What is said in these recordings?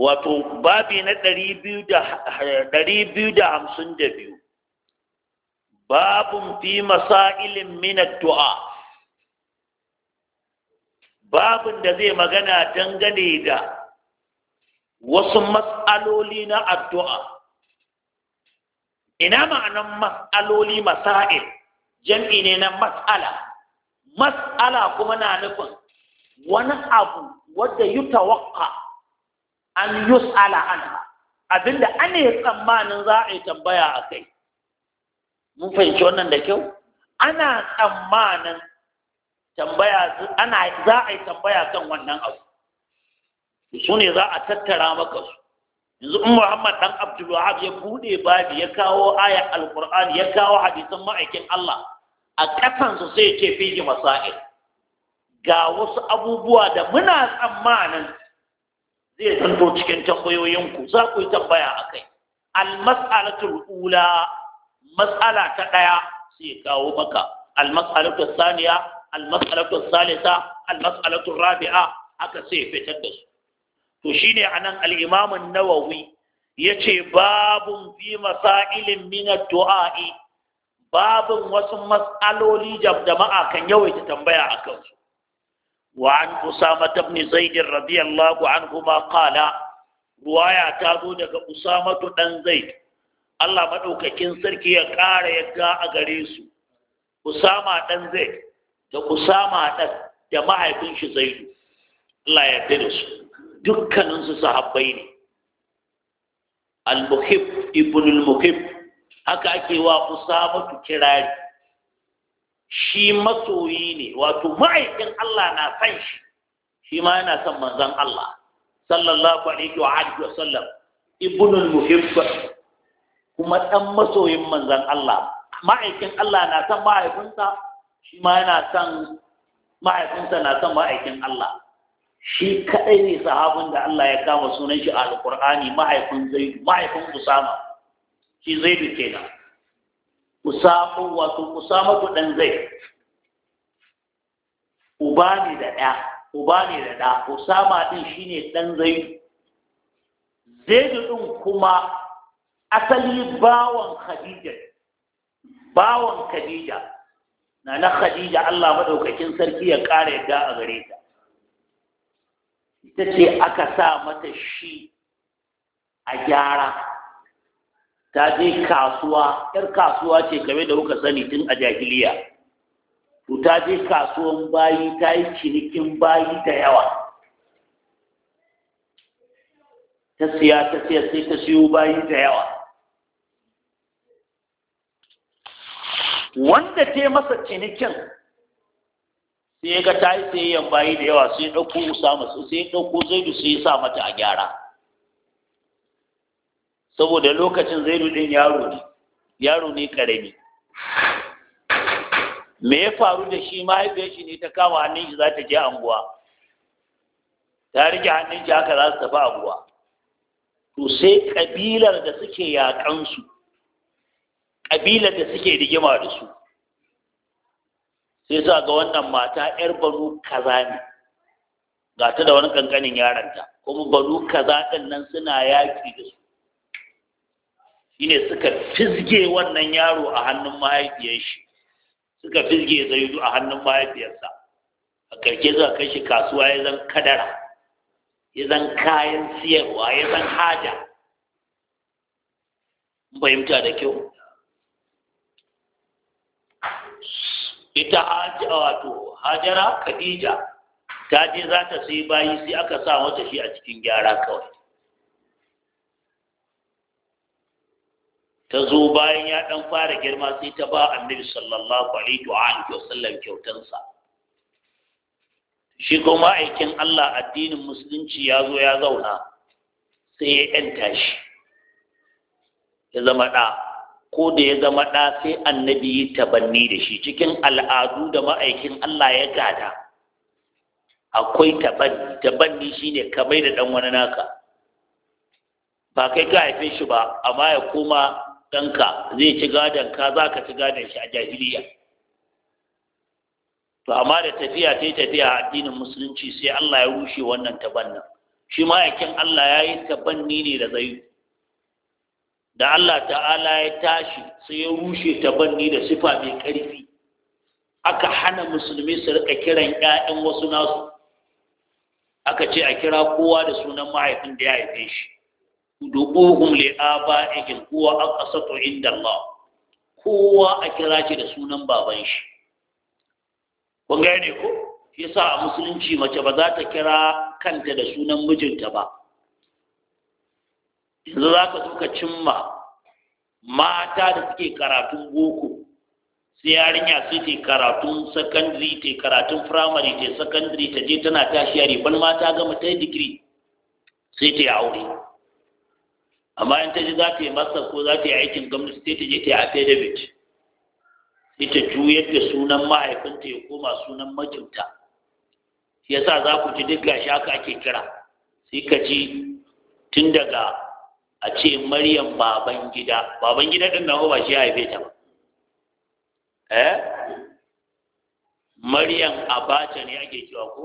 wato babi na ɗari biyu da hamsin da biyu babun fi masailin minat du'a babun da zai magana dangane da wasu matsaloli na addu'a ina ma'anan matsaloli masail jam'i ne na matsala matsala kuma na nufin wani abu wadda yi tawakka an yus'ala anha abinda an yi tsammanin za a yi tambaya a kai mun fahimci wannan da kyau ana tsammanin tambaya ana za a yi tambaya kan wannan abu su ne za a tattara maka su yanzu in Muhammad dan Abdul Wahab ya bude babi ya kawo ayat al ya kawo hadisan ma'aikin Allah a kafansu sai ya ce fiji masail ga wasu abubuwa da muna tsammanin zai zanto cikin tambayoyinku za ku yi tambaya a kai almas'alatul ula mas'ala ta ɗaya sai kawo maka almas'alatul saniya almas'alatul salisa almas'alatul rabi'a haka sai fitar da su to shine anan al-imam ya nawawi yace babun fi masailin min ad-du'a'i babun wasu mas'aloli jama'a kan yawaita tambaya akan su وعن أسامة بن زيد رضي الله عنهما قال رواية تابو دك أسامة بن زيد الله مدوك كن سركي يقار يقا أغريسو أسامة بن زيد دك أسامة بن جماعة يكونش زيد لا يدرس دك ننس صحبين المخب ابن المخب هكا ake wa كرائي shi masoyi ne wato ma'aikin Allah na san shi shi ma yana son manzon Allah sallallahu alaihi wa alihi wa sallam ibnul muhibba kuma dan masoyin manzon Allah ma'aikin Allah na san ma'aikinsa. shi ma yana son ma'aikinsa na son ma'aikin Allah shi kadai ne sahabin da Allah ya kama sunan shi a alqur'ani ma'aikin zaid ma'aikin usama shi zaidu kenan samu wato usama ku dan zai uba ne da ɗa uba ne da ɗa usama din shine dan zai zaidu din kuma asali bawan khadija bawan khadija na na khadija Allah madaukakin sarki ya ƙara da a gare ta ita ce aka sa mata shi a gyara ta je kasuwa yar kasuwa ce game da muka sani tun a jahiliya to ta je kasuwan bayi ta yi cinikin bayi da yawa ta siya ta siya sai ta siyo bayi da yawa wanda ta masa cinikin sai ga ta yi sayayyan bayi da yawa sai ɗauko samu sai ɗauko zaidu sai sa mata a gyara saboda lokacin zai nudin yaro ne yaro ne karami me ya faru da shi mahaifiyar shi ne ta kama hannun shi za ta je anguwa ta rike hannun shi haka za su tafi anguwa to sai kabilar da suke yaƙansu kabilar da suke rigima da su sai sa ga wannan mata yar banu kaza ne ga ta da wani kankanin yaranta. kuma banu kaza ɗin nan suna yaƙi da su shine suka fizge wannan yaro a hannun mahaifiyar shi suka fizge zaidu a hannun mahaifiyarsa a karke zuwa kai shi kasuwa ya zan kadara ya zan kayan siyarwa ya zan haja fahimta da kyau ita hajja wato hajara khadija ta je za ta sai bayi sai aka sa wata shi a cikin gyara kawai ta zo bayan ya ɗan fara girma sai ta ba annabi sallallahu alaihi wa alihi wasallam kyautansa shi kuma aikin Allah addinin musulunci ya zo ya zauna sai ya yanta shi ya zama ɗa ko da ya zama ɗa sai annabi yi tabanni da shi cikin al'adu da ma'aikin Allah ya gada akwai tabanni tabanni shine ka da ɗan wani naka ba kai ka haife shi ba amma ya koma ɗanka zai ci gadon ka za ka ci gadon shi a jahiliya to amma da tafiya ta yi tafiya a addinin musulunci sai Allah ya rushe wannan nan shi ma'aikin Allah ya yi tabanni ne da zayu da Allah ta'ala ya tashi sai ya rushe tabanni da sifa mai ƙarfi aka hana musulmi su rika kiran 'ya'yan wasu nasu aka ce a kira kowa da sunan mahaifin da ya haife shi du'uhum li aba'ihim an aqsatu inda Allah kowa a kira shi da sunan baban shi kun gane ko yasa a musulunci mace ba za ta kira kanta da sunan mijinta ba yanzu za ka zo cimma mata da suke karatun boko sai yarinya sai ta karatun sakandare ta karatun firamare ta sakandare ta je tana tashi yare ban mata gama ta digiri sai ta yi aure amma in ta ji za ta yi masa ko za ta yi aikin gwamnati sai ta je ta yi affidavit sai ta juyar da sunan mahaifinta ya koma sunan makinta shi yasa za ku ji duk gashi haka ake kira sai ka ji tun daga a ce maryam baban gida baban gida din nan ba shi ya haife ta ba eh maryam abacha ne ake cewa ko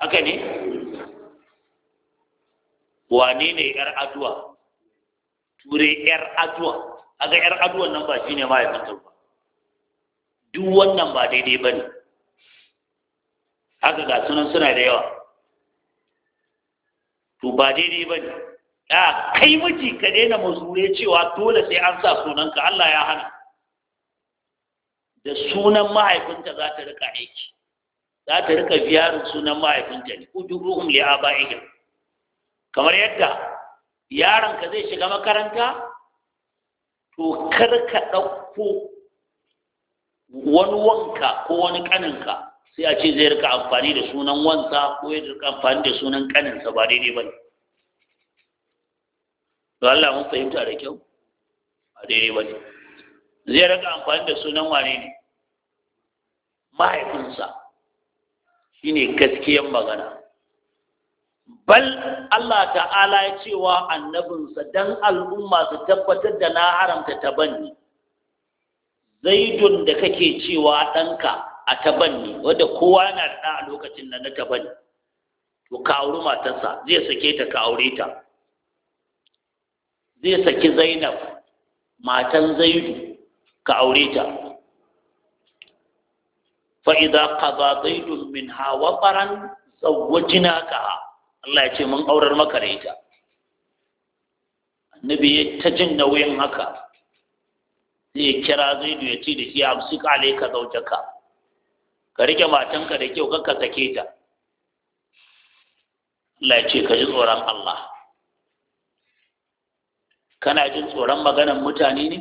haka ne wane ne yar aduwa ture yar aduwa aga yar aduwa nan ba shine mahaifinta ba duk wannan ba daidai ba ne haka ga sunan suna da yawa to ba daidai ba ne a kai miji ka daina mazure cewa dole sai an sa sunanka Allah ya hana da sunan mahaifinta za ta rika aiki za ta rika biyarin sunan mahaifinta ne Ruhun li abaihim kamar yadda yaronka zai shiga makaranta to kar ka ɗauko wani wanka ko wani ƙaninka sai a ce zai rika amfani da sunan wansa ko ya rika amfani da sunan ƙaninsa ba daidai ba ne to Allah mun fahimta da kyau ba daidai ba ne zai rika amfani da sunan wane ne mahaifinsa shine gaskiyan magana bal Allah ta'ala ya cewa annabinsa don al'umma su tabbatar da na haramta tabanni zaidun da kake cewa ɗanka a tabanni wadda kowa yana da ɗa a lokacin da na tabanni to ka auri matarsa zai sake ta ka aure ta zai saki zainab matan zaidu ka aure ta fa idza qada zaidun minha wa faran zawwajnaka Allah ya ce mun aurar maka da ita annabi ya ta jin nauyin haka sai ya kira zaidu ya ce da shi su kale ka zaujaka ka rike matanka da kyau kakka sake ta Allah ya ce ka ji tsoron Allah kana jin tsoron maganan mutane ne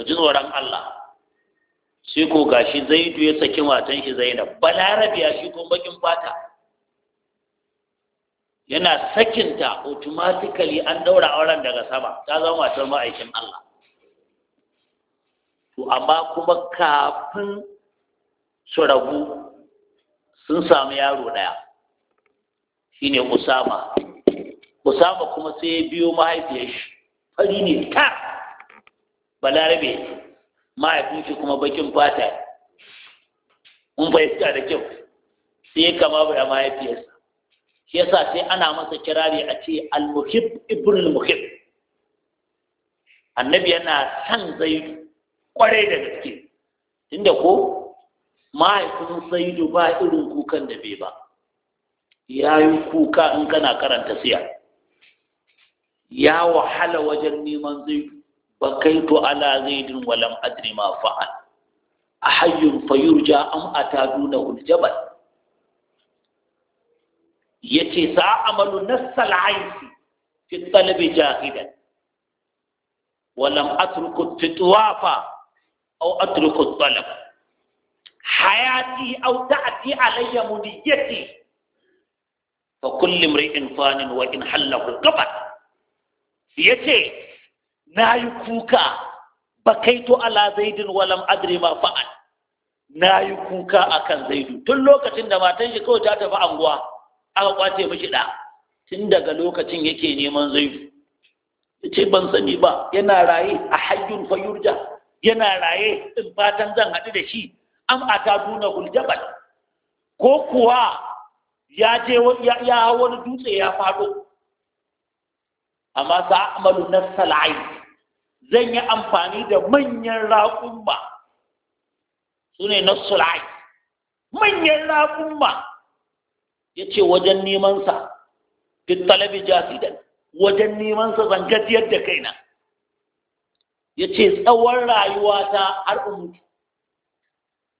ka ji tsoron Allah sai ko gashi zaidu ya saki matan shi zainab balarabiya shi ko bakin fata yana sakinta automatically an daura auren daga sama ta zama matar ma'aikin Allah to amma kuma kafin su rabu sun samu yaro ɗaya shine Usama Usama kuma sai ya biyo mahaifiyar shi fari ne ta balarabe mahaifin shi kuma bakin fata in fahimta da kyau sai kama da mahaifiyarsa shi yasa sai ana masa kirari a ce al-muhib ibn muhib annabi yana san zai kwarai da gaske tunda ko mahaifin zaidu ba irin kukan da bai ba ya yi kuka in kana karanta siya ya wahala wajen neman zai ba kai to ala zaidin walam adri ma fa'al a hayyun fayurja am ata duna jabal yace sa'amalu nassal aisi fi talabi jahidan Walam lam atruku titwafa aw atruku talab hayati aw ta'ti alayya mudiyati fa kulli imri'in fanin wa in hallahu qabat yace yi kuka ba kai to ala zaidin walam adri ma fa'al na yi kuka a kan zaidu tun lokacin da matan shi kawai ta tafi anguwa aka kwace mishi ɗa tun daga lokacin yake neman zaidu ce ban sani ba yana raye a hayyun fayurja yana raye in fatan zan haɗu da shi an a ta duna huljabal ko kuwa ya je ya wani dutse ya faɗo amma sa amalu na sal'ai zan yi amfani da manyan raƙumma su ne na sal'ai manyan raƙumma ya ce wajen nemansa fi talabi jasidan wajen nemansa zangajiyar da kaina ya ce tsawon rayuwata har in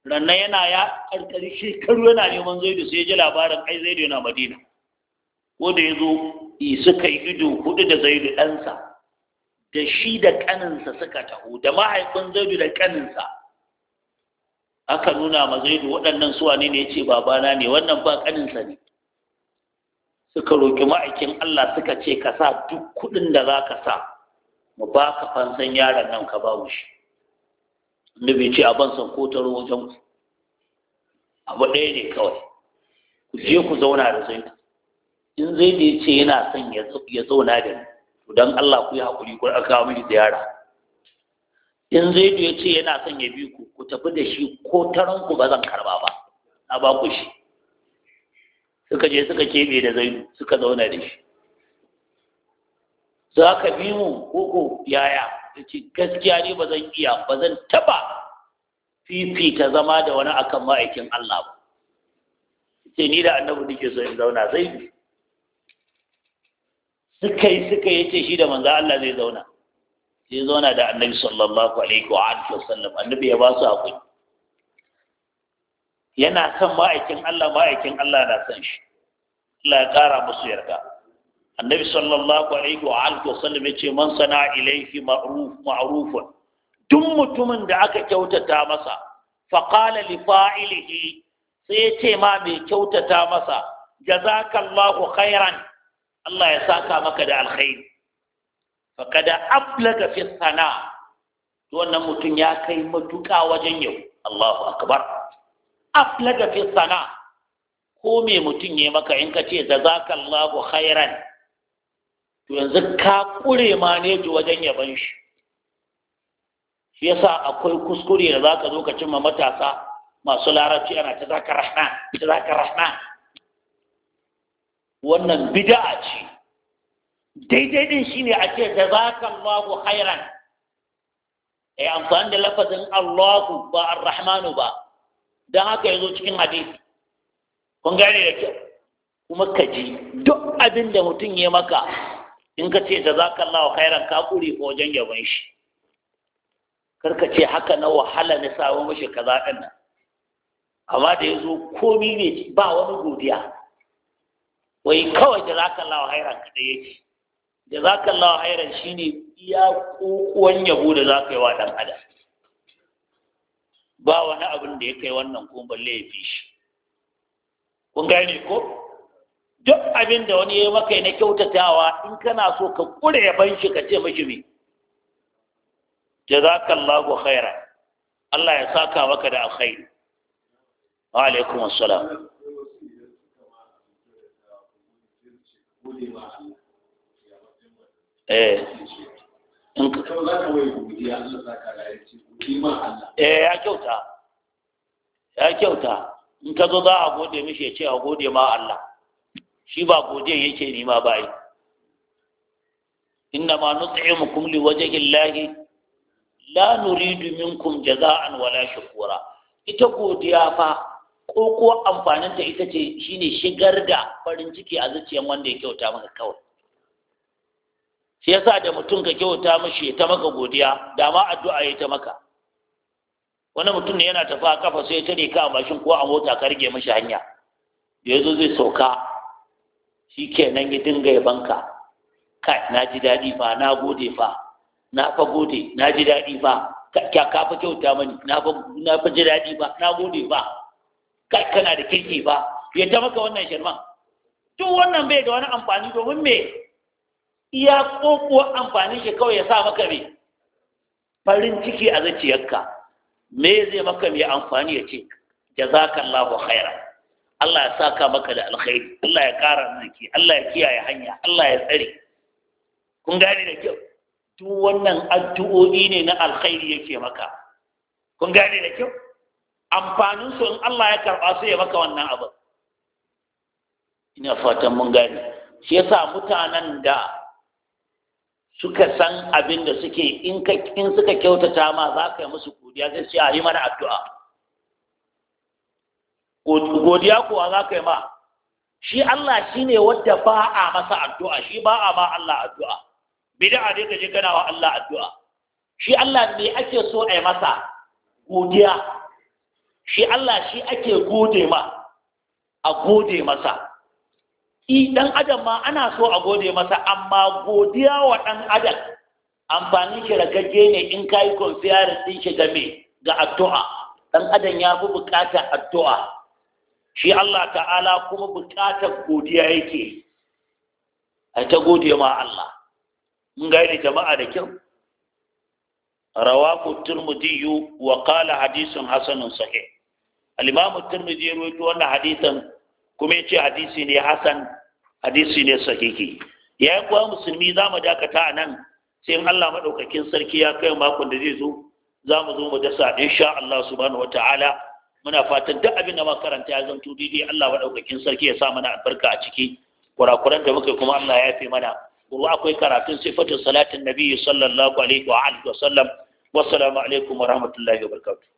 rannan yana ya ƙarƙari shekaru yana neman zaidu sai ya ji labarin ai zaidu yana madina ko da ya zo suka yi ido hudu da zaidu ɗansa da shi da ƙaninsa suka taho da mahaifin zaidu da ƙaninsa aka nuna ma zaidu waɗannan suwa ne ya ce babana ne wannan ba ƙaninsa ne suka roƙi ma'aikin Allah suka ce ka sa duk kuɗin da za ka sa mu ba ka fansan yaron nan ka ba mu shi bai ce a ban san ko ta wajen ku abu ɗaya ne kawai ku je ku zauna da zai in zaidu ya ce yana son ya zauna da ni to Allah ku yi haƙuri ku aka mini ziyara in zaidu ya ce yana son ya bi ku ku tafi da shi ko taron ku ba zan karba ba na ba ku shi suka je suka keɓe da zai suka zauna da shi za ka bi mu koko yaya da ce gaskiya ne ba zan iya ba zan taɓa fifita zama da wani akan ma'aikin Allah ba ce ni da annabi nake so in zauna bi suka yi suka yi ce shi da manzo Allah zai zauna Zai zauna da annabi sallallahu alaihi wa sallam annabi ya ba su hakuri yana son ma'aikin Allah ma'aikin Allah na son shi Allah ya ƙara musu yarda annabi sallallahu alaihi wa alihi wa sallam yace man sana ilaihi ma'ruf ma'rufun duk mutumin da aka kyautata masa fa qala li fa'ilihi sai ce ma mai kyautata masa jazakallahu khairan Allah ya saka maka da alkhairi fa kada ablaga fi sana wannan mutum ya kai matuƙa wajen yau Allahu akbar aflaga fi sana ko me mutum ya maka in ka ce da lagu khairan to yanzu ka kure ma ne ji wajen yaban shi shi yasa akwai kuskure da za ka zo ka cimma matasa masu larabci ana ta zaka rahna ta zaka rahna wannan bid'a ce daidai din shine a ce da lagu khairan eh amfani da lafazin Allahu ba ar-rahmanu ba don haka ya zo cikin hadisi kun gane da kyau kuma ka ji duk abin da mutum ya maka in ka ce da za ka lawa kairan ka kuri ko wajen yabon shi kar ka ce haka na wahala na samu mashi za ɗin nan amma da ya zo komi ne ba wani godiya wai kawai da za ka lawa hairan ka da ya ce da za ka lawa hairan shi ne iya ƙoƙuwan yabo da za ka yi wa ɗan adam ba wani abin da ya kai wannan kuma balle ya fi shi kun gane ko duk abin da wani ya maka na kyautatawa in kana so ka kure ya ban shi ka ce mashi me jazakallahu khaira Allah ya saka maka da alkhairi wa alaikum assalam eh Eh, ya kyauta ya kyauta in ka zo za a gode mishi ya ce a gode ma Allah shi ba godiya yake nima ba yi inna ma nut'imukum liwajhillahi la nuridu minkum jaza'an wala shukura ita godiya fa ko ko amfaninta ita ce shine shigar da farin ciki a zuciyar wanda ya kyauta maka kawai shi yasa da mutum ka kyauta mashi ta maka godiya da ma addu'a ya ta maka wani mutum ne yana tafi a kafa sai ya tare ka a mashin ko a mota ka rage mashi hanya ya zo zai sauka shi ke nan ya dinga ya banka kai na ji daɗi fa na gode fa na fa gode na ji daɗi fa ka ka fa kyauta mani na fa na fa ji daɗi fa na gode fa kai kana da kirki fa ya ta maka wannan shirman duk wannan bai da wani amfani domin me iya kokuwa amfanin shi kawai ya sa maka bi? farin ciki a zuciyarka me zai maka mai amfani ya ce jazakallahu khaira Allah ya saka maka da alkhairi Allah ya ƙara arziki Allah ya kiyaye hanya Allah ya tsare kun gane da kyau duk wannan addu'o'i ne na alkhairi yake maka kun gane da kyau amfanin su in Allah ya karɓa su ya maka wannan abu ina fatan mun gane shi yasa mutanen da suka san abin da suke in suka kyautata ma za ka yi musu godiya zai ce a yi mana addu'a godiya kuwa za ka yi ma shi Allah shi ne wadda ba a masa addu'a shi ba a ma Allah addu'a bid'a ne ka je kana wa Allah addu'a shi Allah ne ake so a yi masa godiya shi Allah shi ake gode ma a gode masa i dan adam ma ana so a gode masa amma godiya wa dan adam amfani shi ragagge ne in kai confiyarin din shi game ga addu'a dan adam ya fi bukata addu'a shi Allah ta'ala kuma bukatar godiya yake ai ta gode ma Allah mun ga da jama'a da kyau rawaku turmudiyu wa qala hadisun hasanun sahih al turmudi ya rawaito wannan kuma ya ce hadisi ne hasan hadisi ne sahihi ya yi kuwa musulmi za mu dakata a nan sai in allah maɗaukakin sarki ya kai makon da zai zo za mu zo mu dasa insha allah subhanahu wa ta'ala muna fatan duk abin da makaranta ya zanto daidai allah maɗaukakin sarki ya sa mana albarka a ciki kurakuran da muka kuma allah ya yafe mana kuma akwai karatun sifatin salatin nabi sallallahu alaihi wa sallam wassalamu alaikum wa rahmatullahi wa barakatuh